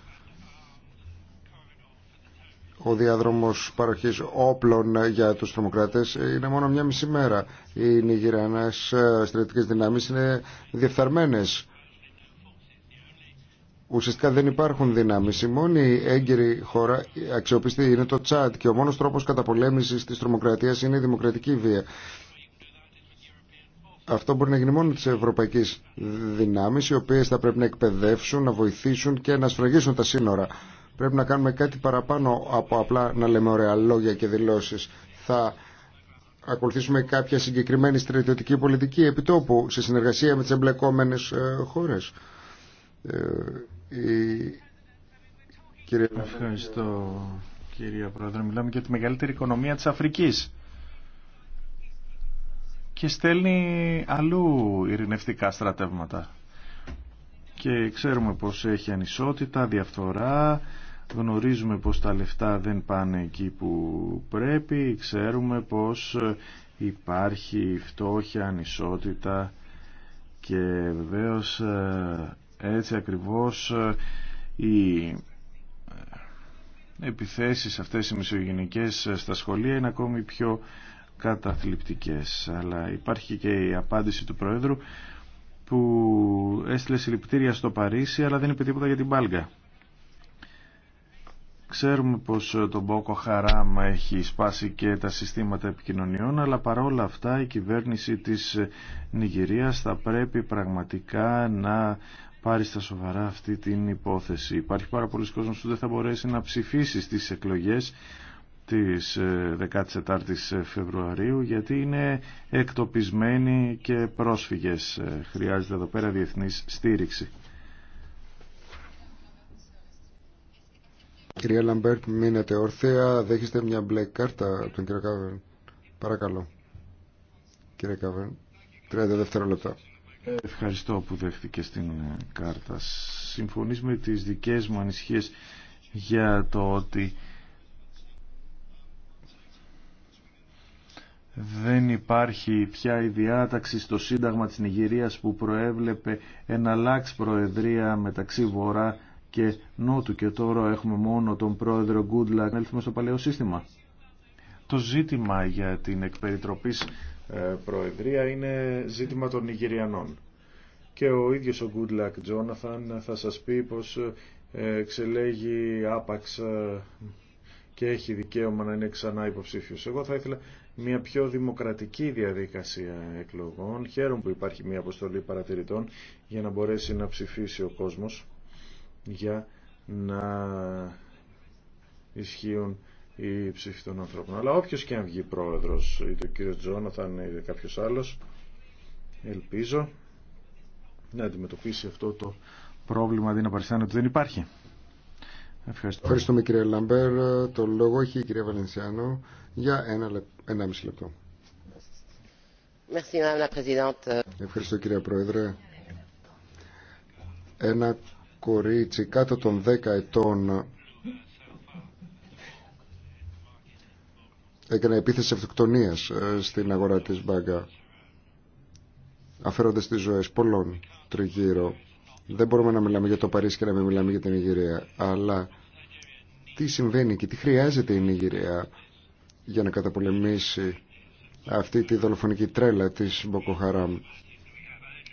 ο διάδρομος παροχής όπλων για τους τρομοκράτες είναι μόνο μια μισή μέρα. Οι Νιγηρανές ε, στρατιωτικές δυνάμεις είναι διεφθαρμένες. Ουσιαστικά δεν υπάρχουν δυνάμεις. Η μόνη έγκυρη χώρα αξιοπιστή είναι το Τσάτ και ο μόνος τρόπος καταπολέμησης της τρομοκρατίας είναι η δημοκρατική βία. Αυτό μπορεί να γίνει μόνο τις ευρωπαϊκές δυνάμεις οι οποίες θα πρέπει να εκπαιδεύσουν, να βοηθήσουν και να σφραγίσουν τα σύνορα. Πρέπει να κάνουμε κάτι παραπάνω από απλά να λέμε ωραία λόγια και δηλώσεις. Θα ακολουθήσουμε κάποια συγκεκριμένη στρατιωτική πολιτική επιτόπου σε συνεργασία με τις εμπλεκόμενες ε, χώρες. Ε, Ευχαριστώ κύριε Πρόεδρε. Μιλάμε για τη μεγαλύτερη οικονομία της Αφρικής. Και στέλνει αλλού ειρηνευτικά στρατεύματα. Και ξέρουμε πως έχει ανισότητα, διαφθορά, γνωρίζουμε πως τα λεφτά δεν πάνε εκεί που πρέπει, ξέρουμε πως υπάρχει φτώχεια, ανισότητα και βεβαίως ε, έτσι ακριβώς ε, οι επιθέσεις αυτές οι μισογενικές ε, στα σχολεία είναι ακόμη πιο καταθλιπτικές. Αλλά υπάρχει και η απάντηση του Πρόεδρου που έστειλε συλληπιτήρια στο Παρίσι αλλά δεν είπε τίποτα για την Πάλγα. Ξέρουμε πως ε, το Μπόκο Χαράμα έχει σπάσει και τα συστήματα επικοινωνιών, αλλά παρόλα αυτά η κυβέρνηση της ε, Νιγηρίας θα πρέπει πραγματικά να πάρει στα σοβαρά αυτή την υπόθεση. Υπάρχει πάρα πολλοί κόσμος που δεν θα μπορέσει να ψηφίσει στις εκλογές της 14ης ε, Φεβρουαρίου γιατί είναι εκτοπισμένοι και πρόσφυγες. Χρειάζεται εδώ πέρα διεθνής στήριξη. Κυρία Λαμπέρτ, μείνετε ορθέα. Δέχεστε μια μπλε κάρτα από τον κύριο Κάβερν. Παρακαλώ. Κύριε Κάβερν, 30 δευτερόλεπτα. Ευχαριστώ που δέχτηκε την ε, κάρτα. Συμφωνείς με τις δικές μου ανησυχίες για το ότι δεν υπάρχει πια η διάταξη στο Σύνταγμα της Νιγηρίας που προέβλεπε εναλλάξ προεδρία μεταξύ Βορρά και Νότου και τώρα έχουμε μόνο τον πρόεδρο Γκούντλα να έλθουμε στο παλαιό σύστημα. Το ζήτημα για την εκπεριτροπής ε, προεδρία είναι ζήτημα των Ιγυριανών. Και ο ίδιος ο Γκούντλακ Τζόναθαν θα σας πει πως ε, εξελέγει άπαξ ε, και έχει δικαίωμα να είναι ξανά υποψήφιος. Εγώ θα ήθελα μια πιο δημοκρατική διαδικασία εκλογών. Χαίρομαι που υπάρχει μια αποστολή παρατηρητών για να μπορέσει να ψηφίσει ο κόσμος για να ισχύουν οι ψήφοι των ανθρώπων. Αλλά όποιος και αν βγει πρόεδρος, είτε ο κύριος Τζόναθαν είτε κάποιος άλλος, ελπίζω να αντιμετωπίσει αυτό το πρόβλημα, αντί να ότι δεν υπάρχει. Ευχαριστώ. Ευχαριστούμε κύριε Λαμπέρ. Το λόγο έχει η κυρία Βαλενσιάνο για ένα, ένα μισή λεπτό. Ευχαριστώ κύριε Πρόεδρε. Ένα κορίτσι κάτω των 10 ετών έκανε επίθεση αυτοκτονίας ε, στην αγορά της Μπάγκα αφαίροντας τις ζωές πολλών τριγύρω. Δεν μπορούμε να μιλάμε για το Παρίσι και να μην μιλάμε για την Ιγυρία, αλλά τι συμβαίνει και τι χρειάζεται η Ιγυρία για να καταπολεμήσει αυτή τη δολοφονική τρέλα της Μποκοχαράμ.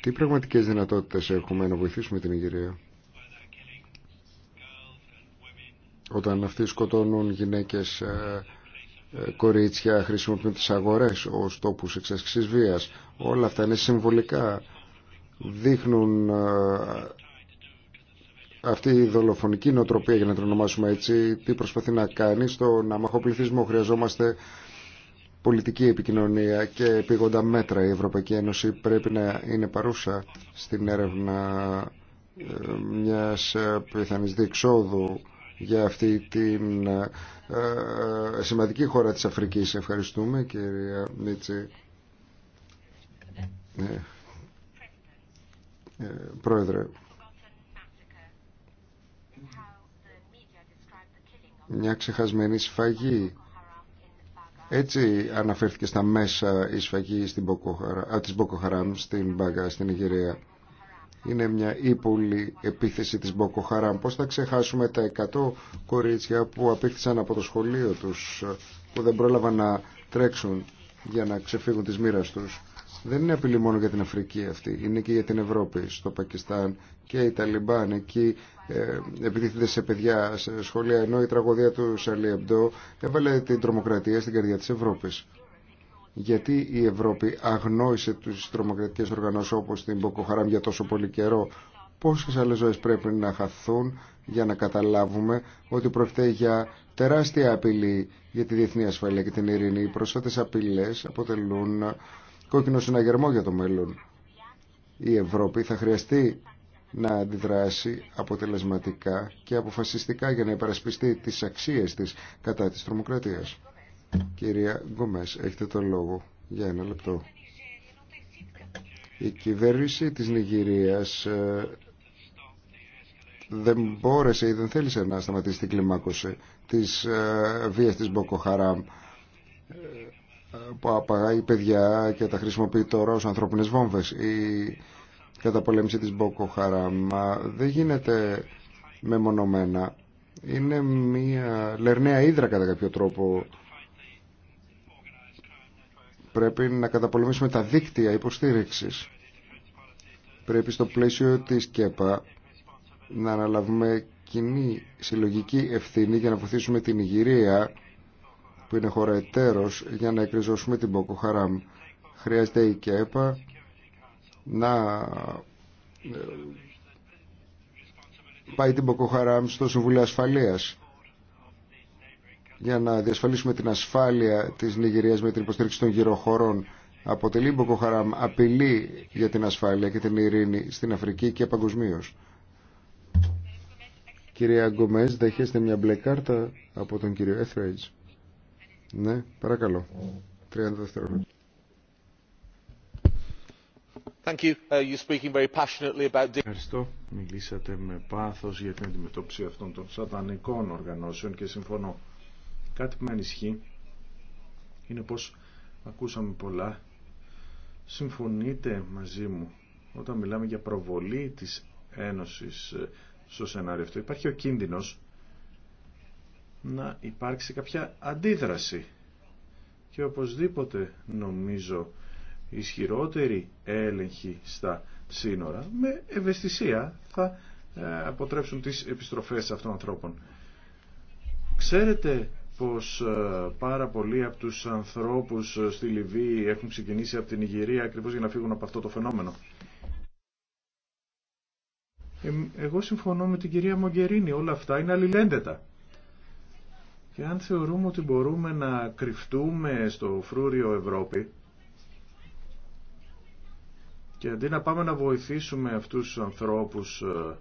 Τι πραγματικές δυνατότητες έχουμε να βοηθήσουμε την Ιγυρία. όταν αυτοί σκοτώνουν γυναίκες ε, ε, κορίτσια χρησιμοποιούν τις αγορές ως τόπους εξασκή βίας. Όλα αυτά είναι συμβολικά. Δείχνουν ε, αυτή η δολοφονική νοοτροπία, για να την ονομάσουμε έτσι, τι προσπαθεί να κάνει στον αμαχοπληθισμό. Χρειαζόμαστε πολιτική επικοινωνία και επίγοντα μέτρα. Η Ευρωπαϊκή Ένωση πρέπει να είναι παρούσα στην έρευνα μιας πιθανής διεξόδου για αυτή την ε, ε, σημαντική χώρα της Αφρικής. Ευχαριστούμε κυρία Μίτση. Ναι. Ε, πρόεδρε. Μια ξεχασμένη σφαγή. Έτσι αναφέρθηκε στα μέσα η σφαγή στην της Μποκοχαράμ στην Μπάγκα, στην Ιγυρία είναι μια ύπουλη επίθεση της Μποκοχαράμ. Πώς θα ξεχάσουμε τα 100 κορίτσια που απήχθησαν από το σχολείο τους, που δεν πρόλαβαν να τρέξουν για να ξεφύγουν της μοίρας τους. Δεν είναι απειλή μόνο για την Αφρική αυτή, είναι και για την Ευρώπη, στο Πακιστάν και οι Ταλιμπάν εκεί ε, επιτίθεται σε παιδιά, σε σχολεία, ενώ η τραγωδία του Σαλί έβαλε την τρομοκρατία στην καρδιά της Ευρώπης γιατί η Ευρώπη αγνόησε τους τρομοκρατικές οργανώσεις όπως την Μποκοχαράμ για τόσο πολύ καιρό. Πόσες άλλες ζωές πρέπει να χαθούν για να καταλάβουμε ότι πρόκειται για τεράστια απειλή για τη διεθνή ασφαλεία και την ειρήνη. Οι προσθέτες απειλές αποτελούν κόκκινο συναγερμό για το μέλλον. Η Ευρώπη θα χρειαστεί να αντιδράσει αποτελεσματικά και αποφασιστικά για να υπερασπιστεί τις αξίες της κατά της τρομοκρατίας. Κυρία Γκομές, έχετε τον λόγο για ένα λεπτό. Η κυβέρνηση της Νιγηρίας ε, δεν μπόρεσε ή δεν θέλησε να σταματήσει την κλιμάκωση της ε, βίας της Μποκοχαράμ ε, που απαγάει παιδιά και τα χρησιμοποιεί τώρα ως ανθρώπινες βόμβες. Η καταπολέμηση της Μποκοχαράμ δεν γίνεται μεμονωμένα. Είναι μια λερναία ύδρα κατά κάποιο τρόπο Πρέπει να καταπολεμήσουμε τα δίκτυα υποστήριξης. Πρέπει στο πλαίσιο της ΚΕΠΑ να αναλαβούμε κοινή συλλογική ευθύνη για να βοηθήσουμε την Ιγυρία που είναι χώρα εταίρος για να εκριζώσουμε την Ποκοχαράμ. Χρειάζεται η ΚΕΠΑ να ε, πάει την Μποκοχαράμ στο Συμβουλίο Ασφαλείας για να διασφαλίσουμε την ασφάλεια της Νιγηρίας με την υποστήριξη των γυροχωρών. Αποτελεί Μποκοχαράμ απειλή για την ασφάλεια και την ειρήνη στην Αφρική και παγκοσμίω. Κυρία Γκομές, δέχεστε μια μπλε κάρτα από τον κύριο Έθρειτζ. Ναι, παρακαλώ. 30 δευτερόλεπτα. Uh, Ευχαριστώ. Μιλήσατε με πάθος για την αντιμετώπιση αυτών των σατανικών οργανώσεων και συμφωνώ. Κάτι που με ανισχύει είναι πως ακούσαμε πολλά. Συμφωνείτε μαζί μου όταν μιλάμε για προβολή της Ένωσης ε, στο σενάριο αυτό. Υπάρχει ο κίνδυνος να υπάρξει κάποια αντίδραση και οπωσδήποτε νομίζω ισχυρότερη έλεγχη στα σύνορα με ευαισθησία θα ε, αποτρέψουν τις επιστροφές αυτών των ανθρώπων. Ξέρετε πως ε, πάρα πολλοί από τους ανθρώπους ε, στη Λιβύη έχουν ξεκινήσει από την Ιγυρία ακριβώς για να φύγουν από αυτό το φαινόμενο. Εγώ συμφωνώ με την κυρία Μογκερίνη, όλα αυτά είναι αλληλένδετα. Και αν θεωρούμε ότι μπορούμε να κρυφτούμε στο φρούριο Ευρώπη και αντί να πάμε να βοηθήσουμε αυτούς τους ανθρώπους ε,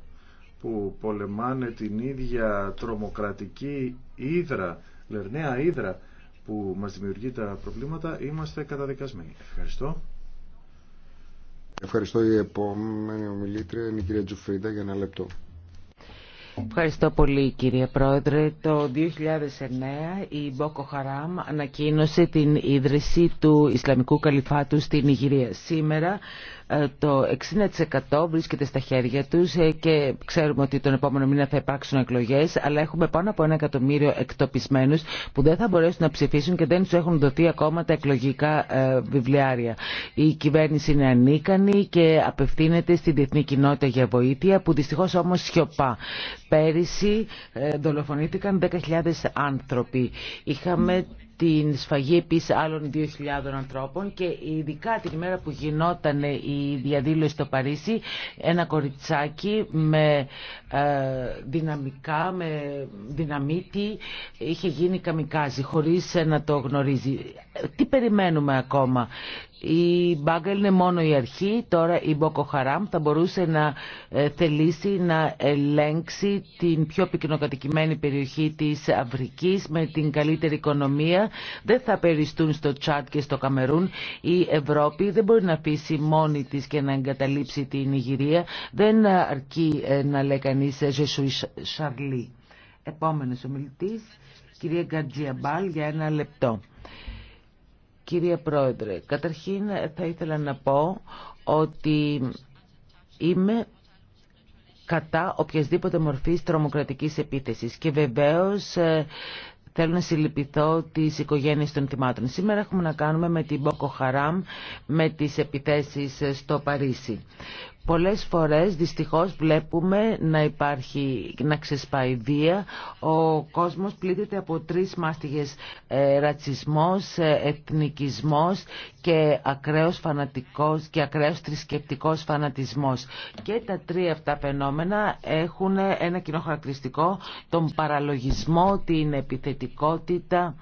που πολεμάνε την ίδια τρομοκρατική ύδρα δηλαδή νέα ύδρα που μας δημιουργεί τα προβλήματα, είμαστε καταδικασμένοι. Ευχαριστώ. Ευχαριστώ. Η επόμενη ομιλήτρια είναι η κυρία Τζουφρίντα για ένα λεπτό. Ευχαριστώ πολύ κύριε Πρόεδρε. Το 2009 η Μπόκο Χαράμ ανακοίνωσε την ίδρυση του Ισλαμικού Καλυφάτου στην Ιγυρία. Σήμερα ε, το 60% βρίσκεται στα χέρια τους ε, και ξέρουμε ότι τον επόμενο μήνα θα υπάρξουν εκλογές αλλά έχουμε πάνω από ένα εκατομμύριο εκτοπισμένους που δεν θα μπορέσουν να ψηφίσουν και δεν τους έχουν δοθεί ακόμα τα εκλογικά ε, βιβλιάρια. Η κυβέρνηση είναι ανίκανη και απευθύνεται στην διεθνή κοινότητα για βοήθεια που δυστυχώς όμως σιωπά. Πέρυσι δολοφονήθηκαν 10.000 άνθρωποι την σφαγή επίσης άλλων 2.000 ανθρώπων και ειδικά την ημέρα που γινόταν η διαδήλωση στο Παρίσι ένα κοριτσάκι με ε, δυναμικά, με δυναμίτη είχε γίνει καμικάζι χωρίς να το γνωρίζει. Τι περιμένουμε ακόμα. Η Μπάγκελ είναι μόνο η αρχή, τώρα η Μποκοχαράμ θα μπορούσε να ε, θελήσει να ελέγξει την πιο πυκνοκατοικημένη περιοχή της Αφρικής με την καλύτερη οικονομία. Δεν θα περιστούν στο Τσάτ και στο Καμερούν. Η Ευρώπη δεν μπορεί να αφήσει μόνη της και να εγκαταλείψει την Ιγυρία. Δεν αρκεί ε, να λέει κανείς «Ζεσουί Σαρλί». Επόμενος ομιλητής, κυρία Γκατζιαμπάλ για ένα λεπτό. Κύριε Πρόεδρε, καταρχήν θα ήθελα να πω ότι είμαι κατά οποιασδήποτε μορφής τρομοκρατικής επίθεσης και βεβαίως ε, Θέλω να συλληπιθώ τι οικογένειε των θυμάτων. Σήμερα έχουμε να κάνουμε με την Μποκοχαράμ, με τις επιθέσεις στο Παρίσι. Πολλές φορές δυστυχώς βλέπουμε να υπάρχει, να ξεσπάει βία. Ο κόσμος πλήττεται από τρεις μάστιγες ε, ρατσισμός, ε, εθνικισμός και ακραίος φανατικός και ακραίος θρησκευτικός φανατισμός. Και τα τρία αυτά φαινόμενα έχουν ένα κοινό χαρακτηριστικό, τον παραλογισμό, την επιθετικότητα.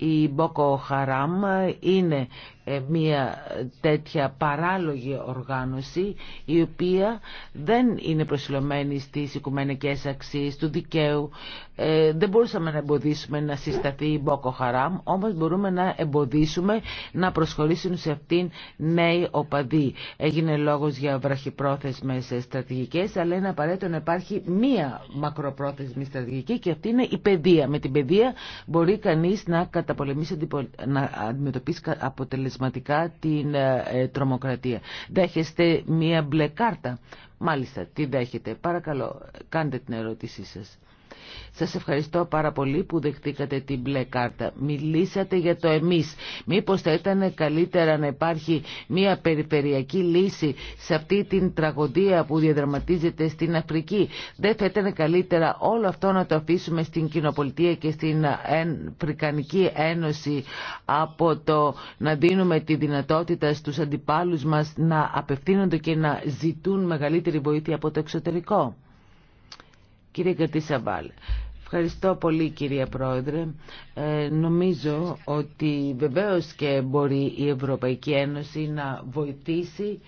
Η Μπόκο Χαράμ είναι ε, μια τέτοια παράλογη οργάνωση η οποία δεν είναι προσιλωμένη στις οικουμενικές αξίες του δικαίου. Ε, δεν μπορούσαμε να εμποδίσουμε να συσταθεί η Μπόκο Χαράμ, όμως μπορούμε να εμποδίσουμε να προσχωρήσουν σε αυτήν νέοι οπαδοί. Έγινε λόγος για βραχυπρόθεσμες στρατηγικές, αλλά είναι απαραίτητο να υπάρχει μία μακροπρόθεσμη στρατηγική και αυτή είναι η παιδεία. Με την παιδεία μπορεί κανείς να, καταπολεμήσει, να αντιμετωπίσει αποτελεσματικά την ε, ε, τρομοκρατία. Δέχεστε μία μπλε κάρτα. Μάλιστα, τι δέχετε. Παρακαλώ, κάντε την ερώτησή σας. Σας ευχαριστώ πάρα πολύ που δεχτήκατε την μπλε κάρτα. Μιλήσατε για το εμείς. Μήπως θα ήταν καλύτερα να υπάρχει μια περιφερειακή λύση σε αυτή την τραγωδία που διαδραματίζεται στην Αφρική. Δεν θα ήταν καλύτερα όλο αυτό να το αφήσουμε στην κοινοπολιτεία και στην Αφρικανική Ένωση από το να δίνουμε τη δυνατότητα στους αντιπάλους μας να απευθύνονται και να ζητούν μεγαλύτερη βοήθεια από το εξωτερικό. Κύριε Κατήσαβάλ, Ευχαριστώ πολύ κυρία Πρόεδρε. Ε, νομίζω ότι βεβαίως και μπορεί η Ευρωπαϊκή Ένωση να βοηθήσει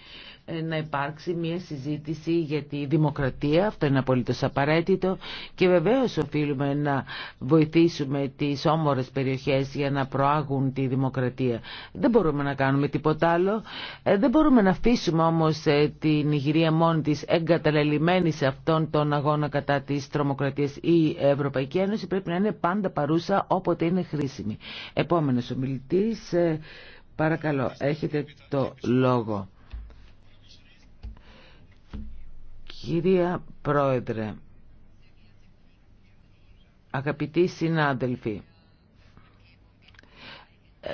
ε, να υπάρξει μια συζήτηση για τη δημοκρατία, αυτό είναι απολύτω απαραίτητο και βεβαίως οφείλουμε να βοηθήσουμε τις όμορες περιοχές για να προάγουν τη δημοκρατία. Δεν μπορούμε να κάνουμε τίποτα άλλο, ε, δεν μπορούμε να αφήσουμε όμως ε, την Ιγυρία μόνη της εγκαταλελειμμένη σε αυτόν τον αγώνα κατά της τρομοκρατίας. Η Ευρωπαϊκή Ένωση πρέπει να είναι πάντα παρούσα όποτε είναι χρήσιμη. Επόμενος ομιλητής, παρακαλώ, έχετε το λόγο. Κυρία Πρόεδρε, αγαπητοί συνάδελφοι,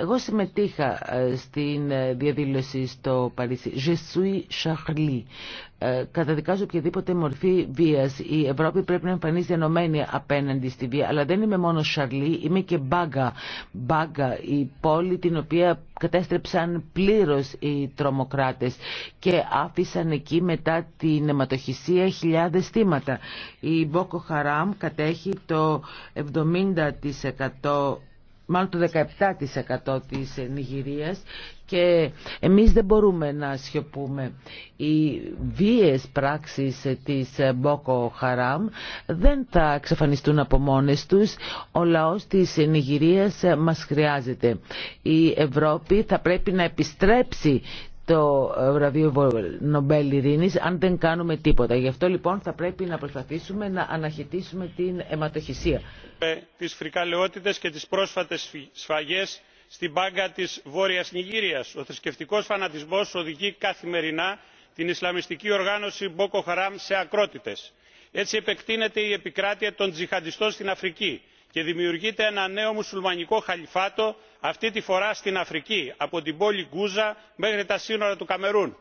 εγώ συμμετείχα ε, στην ε, διαδήλωση στο Παρίσι. Je suis Charlie. Ε, καταδικάζω οποιαδήποτε μορφή βία. Η Ευρώπη πρέπει να εμφανίζει ενωμένη απέναντι στη βία. Αλλά δεν είμαι μόνο Σαρλί, είμαι και Μπάγκα. Μπάγκα, η πόλη την οποία κατέστρεψαν πλήρω οι τρομοκράτε και άφησαν εκεί μετά την αιματοχυσία χιλιάδε θύματα. Η Μπόκο Χαράμ κατέχει το 70% μάλλον το 17% της Νιγηρίας και εμείς δεν μπορούμε να σιωπούμε. Οι βίες πράξεις της Μπόκο Χαράμ δεν θα εξαφανιστούν από μόνες τους. Ο λαός της Νιγηρίας μας χρειάζεται. Η Ευρώπη θα πρέπει να επιστρέψει το βραβείο Νομπέλ Ειρήνης αν δεν κάνουμε τίποτα. Γι' αυτό λοιπόν θα πρέπει να προσπαθήσουμε να αναχαιτήσουμε την αιματοχυσία. Τις φρικαλαιότητες και τις πρόσφατες σφαγές στην μπάγκα της Βόρειας Νιγήριας. Ο θρησκευτικός φανατισμός οδηγεί καθημερινά την Ισλαμιστική οργάνωση Μπόκο Χαράμ σε ακρότητες. Έτσι επεκτείνεται η επικράτεια των τζιχαντιστών στην Αφρική και δημιουργείται ένα νέο μουσουλμανικό χαλιφάτο αυτή τη φορά στην αφρική από την πόλη γκούζα μέχρι τα σύνορα του καμερούν.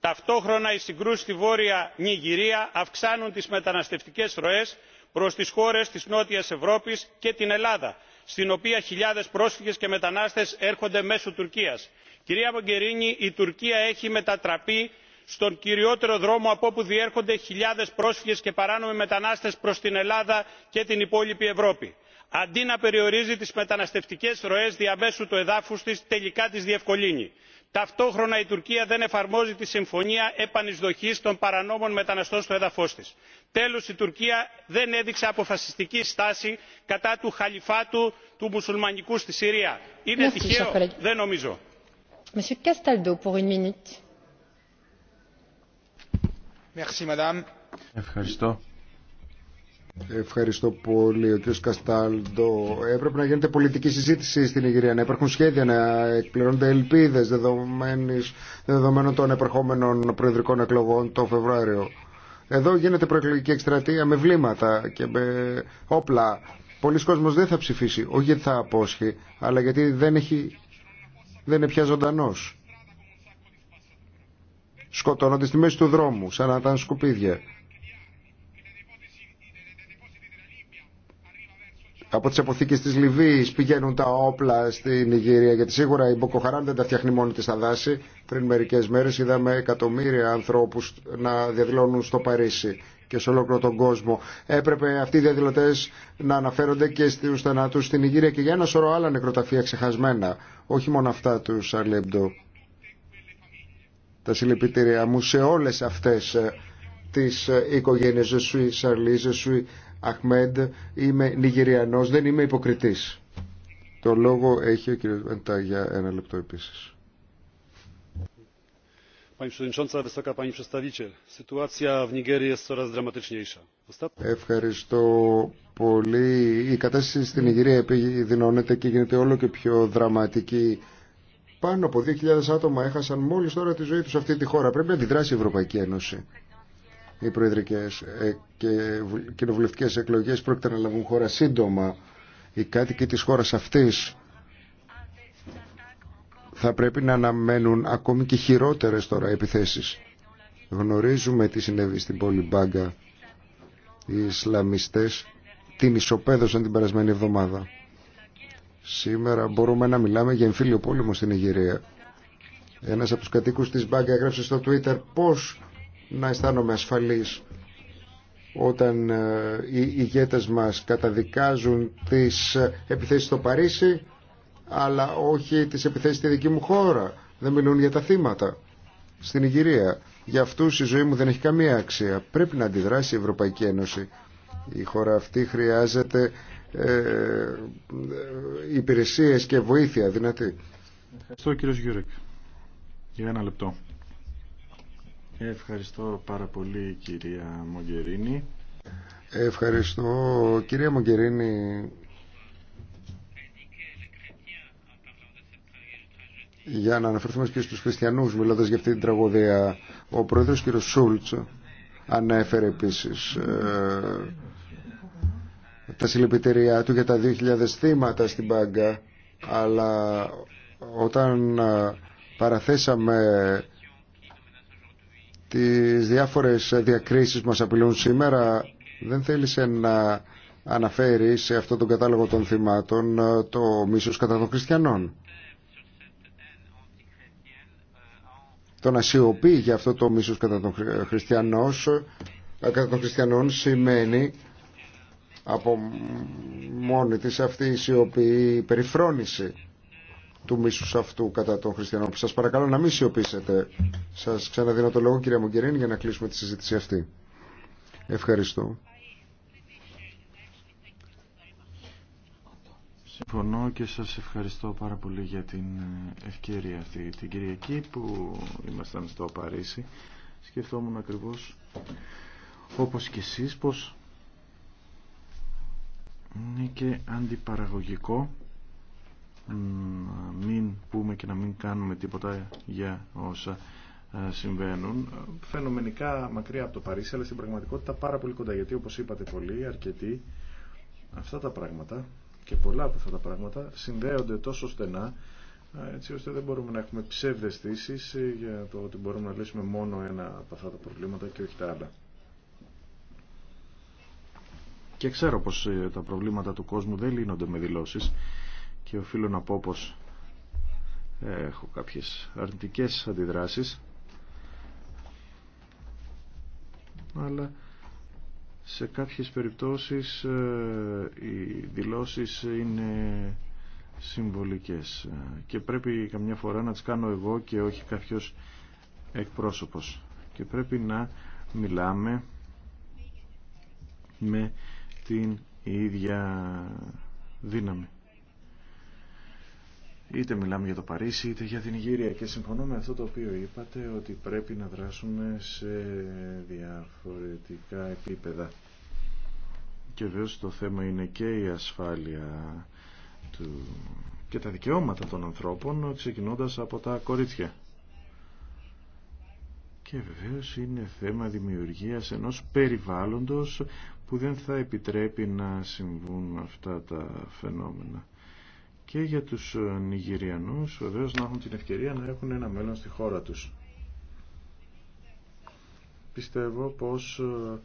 ταυτόχρονα οι συγκρούσεις στη βόρεια νιγηρία αυξάνουν τις μεταναστευτικές ροές προς τις χώρες της νότιας ευρώπης και την ελλάδα στην οποία χιλιάδες πρόσφυγες και μετανάστες έρχονται μέσω τουρκίας. κυρία μογκερίνη η τουρκία έχει μετατραπεί στον κυριότερο δρόμο από όπου διέρχονται χιλιάδες πρόσφυγες και παράνομοι μετανάστες προς την ελλάδα και την υπόλοιπη ευρώπη αντί να περιορίζει τις μεταναστευτικές ροές διαμέσου του εδάφους της τελικά τις διευκολύνει. ταυτόχρονα η τουρκία δεν εφαρμόζει τη συμφωνία επανεισδοχής των παρανόμων μεταναστών στο έδαφος της. τέλος η τουρκία δεν έδειξε αποφασιστική στάση κατά του χαλιφάτου του μουσουλμανικού στη συρία. είναι τυχαίο; δεν νομίζω. Ευχαριστώ πολύ. Ο κ. Καστάλντο, έπρεπε να γίνεται πολιτική συζήτηση στην Ιγυρία, να υπάρχουν σχέδια, να εκπληρώνονται ελπίδε δεδομένων των επερχόμενων προεδρικών εκλογών το Φεβρουάριο. Εδώ γίνεται προεκλογική εκστρατεία με βλήματα και με όπλα. Πολλοί κόσμος δεν θα ψηφίσει, όχι γιατί θα απόσχει, αλλά γιατί δεν, έχει, δεν είναι πια ζωντανό. Σκοτώνονται στη μέση του δρόμου, σαν να ήταν σκουπίδια. από τι αποθήκε τη Λιβύη πηγαίνουν τα όπλα στην Ιγυρία γιατί σίγουρα η Μποκοχαράν δεν τα φτιάχνει μόνη της στα δάση. Πριν μερικέ μέρε είδαμε εκατομμύρια ανθρώπου να διαδηλώνουν στο Παρίσι και σε ολόκληρο τον κόσμο. Έπρεπε αυτοί οι διαδηλωτέ να αναφέρονται και στου θανάτου στην Ιγυρία και για ένα σωρό άλλα νεκροταφεία ξεχασμένα. Όχι μόνο αυτά του Σαλέμπτο. Τα συλληπιτήριά μου σε όλε αυτέ ε, τι ε, οικογένειε. Ζεσουί, Αχμέντ, είμαι Νιγηριανός, δεν είμαι υποκριτής. Το λόγο έχει ο κ. Βεντά για ένα λεπτό επίσης. Ευχαριστώ πολύ. Η κατάσταση στην Ιγυρία επιδεινώνεται και γίνεται όλο και πιο δραματική. Πάνω από 2.000 άτομα έχασαν μόλις τώρα τη ζωή τους σε αυτή τη χώρα. Πρέπει να αντιδράσει η Ευρωπαϊκή Ένωση οι προεδρικές ε, και κοινοβουλευτικές εκλογές πρόκειται να λάβουν χώρα σύντομα. Οι κάτοικοι της χώρας αυτής θα πρέπει να αναμένουν ακόμη και χειρότερες τώρα επιθέσεις. Γνωρίζουμε τι συνέβη στην πόλη Μπάγκα. Οι Ισλαμιστές την ισοπαίδωσαν την περασμένη εβδομάδα. Σήμερα μπορούμε να μιλάμε για εμφύλιο πόλεμο στην Ιγυρία. Ένας από τους κατοίκους της Μπάγκα έγραψε στο Twitter πώς να αισθάνομαι ασφαλής όταν ε, οι ηγέτες μας καταδικάζουν τις ε, επιθέσεις στο Παρίσι αλλά όχι τις επιθέσεις στη δική μου χώρα. Δεν μιλούν για τα θύματα στην Ιγυρία. Για αυτούς η ζωή μου δεν έχει καμία αξία. Πρέπει να αντιδράσει η Ευρωπαϊκή Ένωση. Η χώρα αυτή χρειάζεται ε, ε υπηρεσίες και βοήθεια δυνατή. Ευχαριστώ Για Ευχαριστώ πάρα πολύ κυρία Μογκερίνη. Ευχαριστώ κυρία Μογκερίνη. Για να αναφερθούμε και στους χριστιανούς μιλώντας για αυτή την τραγωδία, ο πρόεδρος κύριος Σούλτς ανέφερε επίσης ε, τα συλληπιτήριά του για τα 2.000 θύματα στην Πάγκα, αλλά όταν παραθέσαμε τις διάφορες διακρίσεις που μας απειλούν σήμερα δεν θέλησε να αναφέρει σε αυτό τον κατάλογο των θυμάτων ε, το μίσος κατά των χριστιανών. Το να σιωπεί για αυτό το μίσος κατά των, ε, κατά των χριστιανών σημαίνει από μόνη της αυτή η σιωπή περιφρόνηση του μίσους αυτού κατά των χριστιανών. Σας παρακαλώ να μην σιωπήσετε. Σας ξαναδίνω το λόγο κυρία Μογκερίνη για να κλείσουμε τη συζήτηση αυτή. Ευχαριστώ. Συμφωνώ και σας ευχαριστώ πάρα πολύ για την ευκαιρία αυτή την Κυριακή που ήμασταν στο Παρίσι. Σκεφτόμουν ακριβώς όπως και εσείς πως είναι και αντιπαραγωγικό να μην πούμε και να μην κάνουμε τίποτα για όσα ε, συμβαίνουν. Φαινομενικά μακριά από το Παρίσι, αλλά στην πραγματικότητα πάρα πολύ κοντά. Γιατί όπως είπατε πολύ, αρκετοί, αυτά τα πράγματα και πολλά από αυτά τα πράγματα συνδέονται τόσο στενά ε, έτσι ώστε δεν μπορούμε να έχουμε ψευδεστήσεις ε, για το ότι μπορούμε να λύσουμε μόνο ένα από αυτά τα προβλήματα και όχι τα άλλα. Και ξέρω πως τα προβλήματα του κόσμου δεν λύνονται με δηλώσεις και οφείλω να πω πως ε, έχω κάποιες αρνητικές αντιδράσεις αλλά σε κάποιες περιπτώσεις ε, οι δηλώσεις είναι συμβολικές ε, και πρέπει καμιά φορά να τις κάνω εγώ και όχι κάποιος εκπρόσωπος και πρέπει να μιλάμε με την ίδια δύναμη Είτε μιλάμε για το Παρίσι είτε για την Ιγυρία και συμφωνώ με αυτό το οποίο είπατε ότι πρέπει να δράσουμε σε διαφορετικά επίπεδα. Και βέβαια το θέμα είναι και η ασφάλεια του... και τα δικαιώματα των ανθρώπων ξεκινώντας από τα κορίτσια. Και βεβαίως είναι θέμα δημιουργίας ενός περιβάλλοντος που δεν θα επιτρέπει να συμβούν αυτά τα φαινόμενα και για τους ε, Νιγηριανούς βεβαίως να έχουν την ευκαιρία να έχουν ένα μέλλον στη χώρα τους. Πιστεύω πως ε,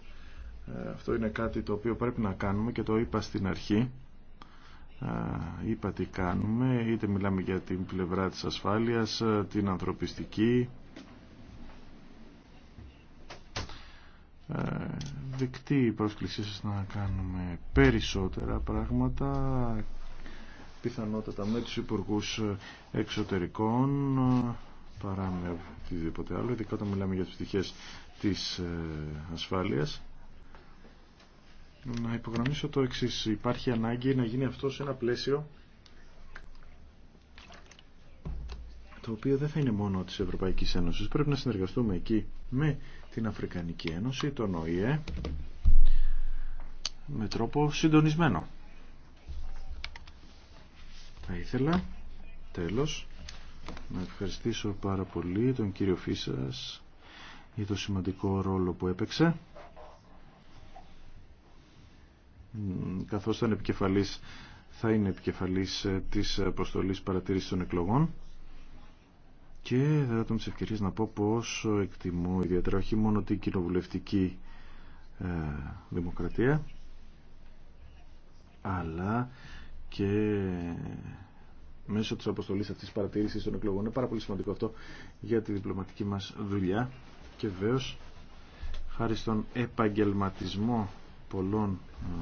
ε, αυτό είναι κάτι το οποίο πρέπει να κάνουμε και το είπα στην αρχή. Είπα τι κάνουμε, είτε μιλάμε για την πλευρά της ασφάλειας, την ανθρωπιστική, δεκτή η πρόσκλησή σας να κάνουμε περισσότερα πράγματα πιθανότατα με τους υπουργούς εξωτερικών παρά με οτιδήποτε άλλο, ειδικά όταν μιλάμε για τις πτυχές της ε, ασφάλειας. Να υπογραμμίσω το εξής. Υπάρχει ανάγκη να γίνει αυτό σε ένα πλαίσιο το οποίο δεν θα είναι μόνο της Ευρωπαϊκής Ένωσης. Πρέπει να συνεργαστούμε εκεί με την Αφρικανική Ένωση, τον ΟΗΕ, με τρόπο συντονισμένο. Θα ήθελα τέλος να ευχαριστήσω πάρα πολύ τον κύριο Φίσας για το σημαντικό ρόλο που έπαιξε καθώς ήταν επικεφαλής θα είναι επικεφαλής ε, της αποστολής παρατήρησης των εκλογών και θα δω τις ευκαιρίες να πω πόσο εκτιμώ ιδιαίτερα όχι μόνο την κοινοβουλευτική ε, δημοκρατία αλλά και μέσω της αποστολής αυτής της παρατήρησης των εκλογών. Είναι πάρα πολύ σημαντικό αυτό για τη διπλωματική μας δουλειά και βεβαίω χάρη στον επαγγελματισμό πολλών ε,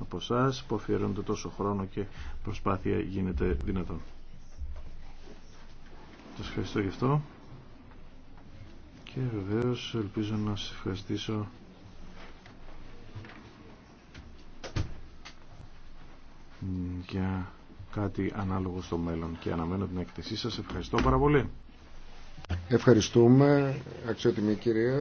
από εσά που αφιερώνεται τόσο χρόνο και προσπάθεια γίνεται δυνατόν. Σας ευχαριστώ γι' αυτό και βεβαίως ελπίζω να σας ευχαριστήσω για κάτι ανάλογο στο μέλλον και αναμένω την έκθεσή σας. Ευχαριστώ πάρα πολύ. Ευχαριστούμε, αξιότιμη κυρία.